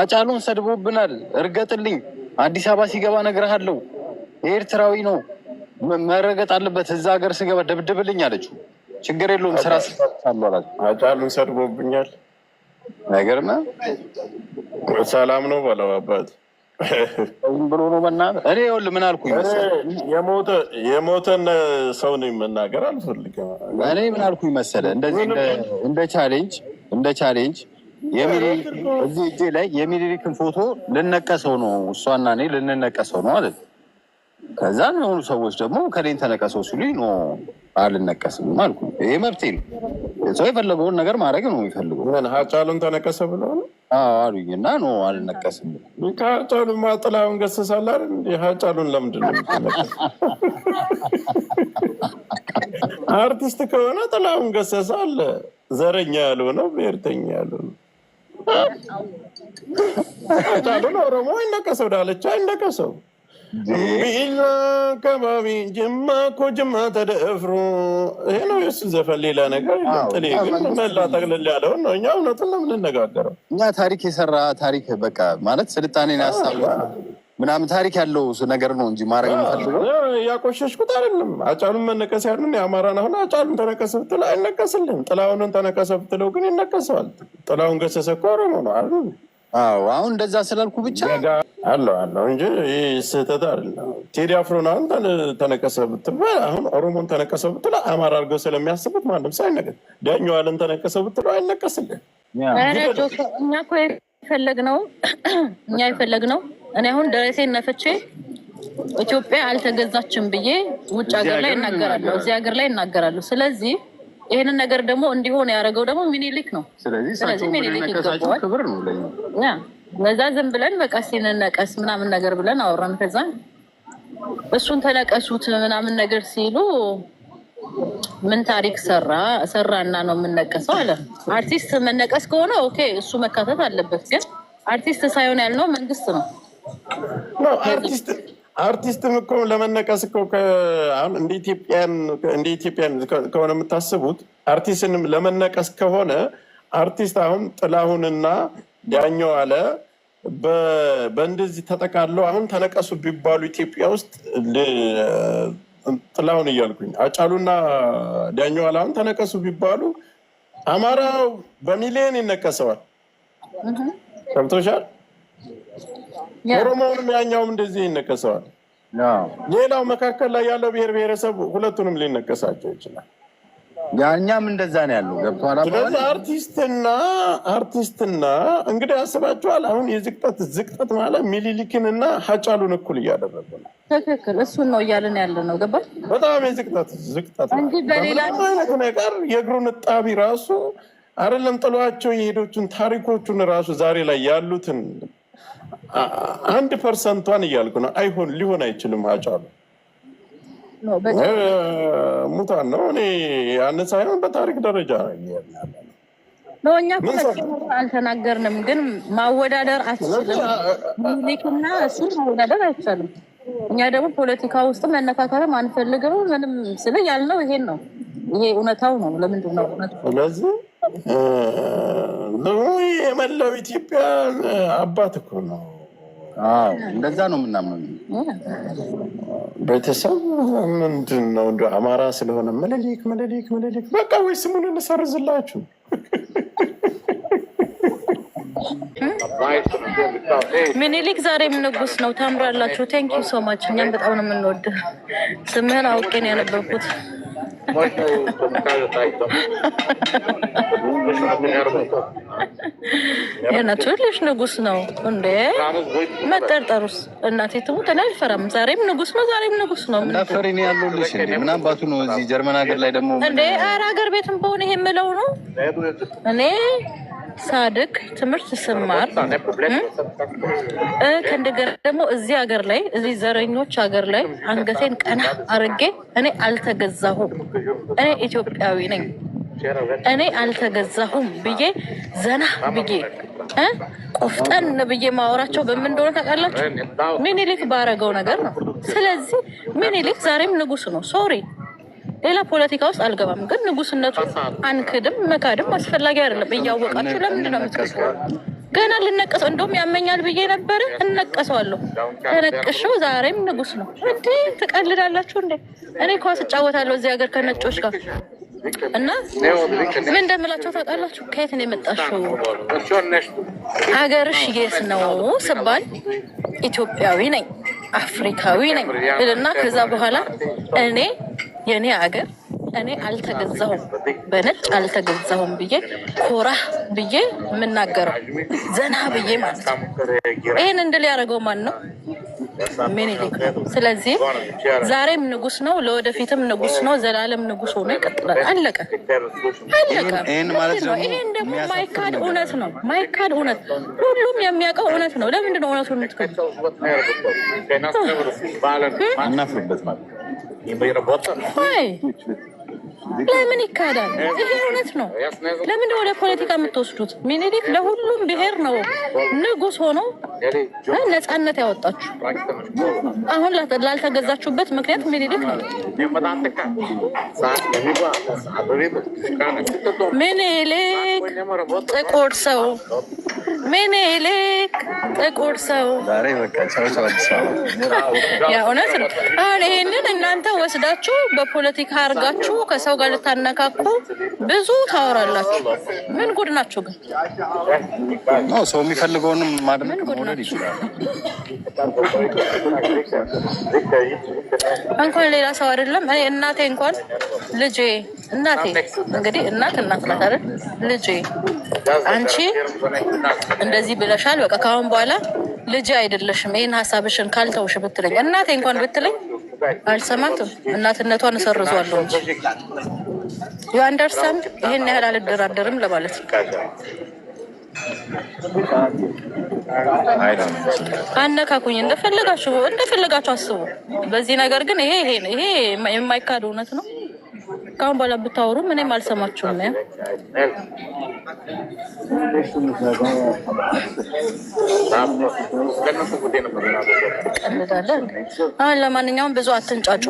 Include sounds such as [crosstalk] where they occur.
አጫሉን ሰድቦብናል። እርገጥልኝ አዲስ አበባ ሲገባ እነግርሃለሁ። ኤርትራዊ ነው መረገጥ አለበት። እዛ ሀገር ስገባ ደብድብልኝ አለችው። ችግር የለውም ስራ አጫሉን ሰድቦብኛል። ነገር ሰላም ነው በለው አባት ብሎ ነው መናገር። እኔ ይኸውልህ ምን አልኩ መሰለህ፣ የሞተን ሰው ነው የምናገር አልፈልግም። እኔ ምን አልኩ መሰለህ እንደዚህ እንደ ቻሌንጅ እንደ ቻሌንጅ እዚህ እጄ ላይ የሚኒሊክን ፎቶ ልነቀሰው ነው፣ እሷና እኔ ልንነቀሰው ነው ማለት ከዛን የሆኑ ሰዎች ደግሞ ከሌን ተነቀሰው ሲሉ ኖ አልነቀስም አልኩ። ይህ መብቴ ነው። ሰው የፈለገውን ነገር ማድረግ ነው የሚፈልገው። ሀጫሉን ተነቀሰ ብለው አሉኝ እና ኖ አልነቀስም። ከሀጫሉማ ጥላሁን ገሰሳላል። ሀጫሉን ለምንድን ነው [laughs] አርቲስት ከሆነ ጥላሁን ገሰሳ አለ ዘረኛ ያልሆነ ብሔርተኛ ያልሆነ ታደን ኦሮሞ አይነቀሰው ዳለቻ አይነቀሰው ቢላ አካባቢ ጅማ እኮ ጅማ ተደፍሮ ይሄ ነው የሱ ዘፈን። ሌላ ነገር ጥኔ ግን መላ ጠቅልል ያለውን ነው። እኛ እውነትን ለምንነጋገረው እኛ ታሪክ የሰራ ታሪክ በቃ ማለት ስልጣኔን ያስታውሳል። ምናምን ታሪክ ያለው ነገር ነው እንጂ ማድረግ የምፈልገው ያቆሸሽኩት አይደለም። አጫሉን መነቀስ ያሉን የአማራን አሁን አጫሉን ተነቀሰ ብትል አይነቀስልም። ጥላሁንን ተነቀሰ ብትለው ግን ይነቀሰዋል። ጥላሁን ገሰሰ እኮ ኦሮሞ ነው አሉ። አዎ አሁን እንደዛ ስላልኩ ብቻ አለው አለው እንጂ ይህ ስህተት አይደለም። ቴዲ አፍሮን አሁን ተነቀሰ ብትል አሁን ኦሮሞን ተነቀሰ ብትል አማራ አድርገው ስለሚያስቡት ማንም ሰው አይነቀስ። ዳኛዋልን ተነቀሰ ብትለው አይነቀስልን። እኛ እኮ የፈለግነው [clears throat] እኛ የፈለግነው እኔ አሁን ደረሴ ነፍቼ ኢትዮጵያ አልተገዛችም ብዬ ውጭ ሀገር ላይ እናገራለሁ፣ እዚህ ሀገር ላይ እናገራለሁ። ስለዚህ ይህንን ነገር ደግሞ እንዲሆን ያደረገው ደግሞ ሚኒሊክ ነው። ስለዚህ ሚኒሊክ ይገባዋል። ለዛ ዝም ብለን በቃ ሲንነቀስ ምናምን ነገር ብለን አወራን። ከዛ እሱን ተነቀሱት ምናምን ነገር ሲሉ ምን ታሪክ ሰራ ሰራና ነው የምንነቀሰው አለ። አርቲስት መነቀስ ከሆነ ኦኬ እሱ መካተት አለበት። ግን አርቲስት ሳይሆን ያልነው መንግስት ነው። አርቲስት አርቲስትም እኮ ለመነቀስ እኮ አሁን እንደ ኢትዮጵያን ከሆነ የምታስቡት አርቲስትንም ለመነቀስ ከሆነ አርቲስት አሁን ጥላሁንና ዳኘው አለ በእንደዚህ ተጠቃለው አሁን ተነቀሱ ቢባሉ ኢትዮጵያ ውስጥ ጥላሁን እያልኩኝ አጫሉና ዳኘው አለ አሁን ተነቀሱ ቢባሉ አማራው በሚሊዮን ይነቀሰዋል። ከብቶሻል ኦሮሞውንም ያኛውም እንደዚህ ይነቀሰዋል። ሌላው መካከል ላይ ያለው ብሔር ብሔረሰብ ሁለቱንም ሊነቀሳቸው ይችላል። ያኛም እንደዛ ነው ያለው ገብቶሃል። ስለዚህ አርቲስትና አርቲስትና እንግዲህ አስባችኋል። አሁን የዝቅጠት ዝቅጠት ማለት ሚሊሊክን እና ሀጫሉን እኩል እያደረገ ነው። ትክክል፣ እሱን ነው እያለን ያለ ነው። ገባል። በጣም የዝቅጠት ዝቅጠት እንጂ በሌላ አይነት ነገር የእግሩን ጣቢ ራሱ አይደለም ጥሏቸው የሄዶቹን ታሪኮቹን ራሱ ዛሬ ላይ ያሉትን አንድ ፐርሰንቷን እያልኩ ነው። አይሆን ሊሆን አይችልም። አጫሉ ሙታን ነው። እኔ ያን ሳይሆን በታሪክ ደረጃ ነው። እኛ አልተናገርንም፣ ግን ማወዳደር አችልም። እሱ ማወዳደር አይቻልም። እኛ ደግሞ ፖለቲካ ውስጥ መነካከልም አንፈልግም። ምንም ስለ ያልነው ይሄን ነው። ይሄ እውነታው ነው። ለምንድን ነው እውነት የመላው ኢትዮጵያ አባት እኮ ነው። እንደዛ ነው ምናምን ቤተሰብ ምንድን ነው እንደ አማራ ስለሆነ መለሊክ መለሊክ መለሊክ በቃ ወይ ስሙን እንሰርዝላችሁ። ምኒልክ ዛሬም ንጉስ ነው። ታምራላችሁ። ቴንኪው ሶማች። እኛም በጣም ነው የምንወድ። ስምህን አውቄን ያነበብኩት። Можно покажет айтом. የነቱልሽ ንጉስ ነው እንዴ? መጠርጠሩስ? እናቴ ትሙት እኔ አልፈራም። ዛሬም ንጉስ ነው፣ ዛሬም ንጉስ ነው። ፈሪኔ ያለልሽ እንዴ? ምን አባቱ ነው እዚህ ጀርመን ሀገር ላይ ደግሞ እንዴ? ኧረ ሀገር ቤትም በሆነ ይሄ የምለው ነው እኔ ሳድግ ትምህርት ስማር ከእንደገና ደግሞ እዚህ ሀገር ላይ እዚህ ዘረኞች ሀገር ላይ አንገቴን ቀና አርጌ እኔ አልተገዛሁም፣ እኔ ኢትዮጵያዊ ነኝ፣ እኔ አልተገዛሁም ብዬ ዘና ብዬ ቆፍጠን ብዬ ማወራቸው በምን እንደሆነ ታውቃላችሁ? ሚኒሊክ ባረገው ነገር ነው። ስለዚህ ሚኒሊክ ዛሬም ንጉስ ነው። ሶሪ ሌላ ፖለቲካ ውስጥ አልገባም፣ ግን ንጉስነቱ አንክድም፣ መካድም አስፈላጊ አይደለም። እያወቃችሁ ለምንድን ነው የምትከስሩ? ገና ልነቀሰው እንደውም ያመኛል ብዬ ነበረ። እነቀሰዋለሁ። ተነቅሸው ዛሬም ንጉስ ነው። እንዴ? ትቀልዳላችሁ እንዴ? እኔ ኳስ እጫወታለሁ እዚህ ሀገር ከነጮች ጋር እና ምን እንደምላቸው ታውቃላችሁ? ከየት ነው የመጣሽው? ሀገርሽ የት ነው ስባል ኢትዮጵያዊ ነኝ አፍሪካዊ ነኝ እና ከዛ በኋላ እኔ የእኔ አገር እኔ አልተገዛሁም በነጭ አልተገዛሁም ብዬ ኮራ ብዬ የምናገረው ዘና ብዬ ማለት ነው። ይህን እንድል ያደረገው ማን ነው? ምኒልክ። ስለዚህ ዛሬም ንጉስ ነው፣ ለወደፊትም ንጉስ ነው፣ ዘላለም ንጉስ ሆኖ ይቀጥላል። አለቀ አለቀ። ይሄን ደግሞ ማይካድ እውነት ነው፣ ማይካድ እውነት ሁሉም የሚያውቀው እውነት ነው። ለምንድነው እውነቱ የምትከ ለምን ይካሄዳል? ይሄ እውነት ነው። ለምን ወደ ፖለቲካ የምትወስዱት? ሚኒሊክ ለሁሉም ብሔር ነው ንጉስ ሆኖ ነፃነት ያወጣችሁ። አሁን ላልተገዛችሁበት ምክንያት ሚኒሊክ ነው። ሚኒሊክ ጥቁር ሰው ምኒልክ ጥቁር ሰው የእውነት ነው። አሁን ይሄንን እናንተ ወስዳችሁ በፖለቲካ አድርጋችሁ ከሰው ጋር ልታነካኩ ብዙ ታወራላችሁ። ምን ጉድ ናችሁ ግን? ሰው የሚፈልገውንም ማድረግ መውደድ ይችላል። እንኳን ሌላ ሰው አይደለም እኔ እናቴ እንኳን ልጄ እናቴ እንግዲህ እናት እናት ናት አይደል? ልጄ አንቺ እንደዚህ ብለሻል፣ በቃ ከአሁን በኋላ ልጅ አይደለሽም፣ ይህን ሀሳብሽን ካልተውሽ ብትለኝ እናቴ እንኳን ብትለኝ አልሰማትም። እናትነቷን እሰርዟለሁ እንጂ የአንደርሳም ይህን ያህል አልደራደርም ለማለት ነው። አነካኩኝ እንደፈለጋችሁ እንደፈለጋችሁ አስቡ። በዚህ ነገር ግን ይሄ ይሄ የማይካድ እውነት ነው። ከአሁን በኋላ ብታወሩ ምንም አልሰማችሁም። ያ ለማንኛውም ብዙ አትንጫጩ።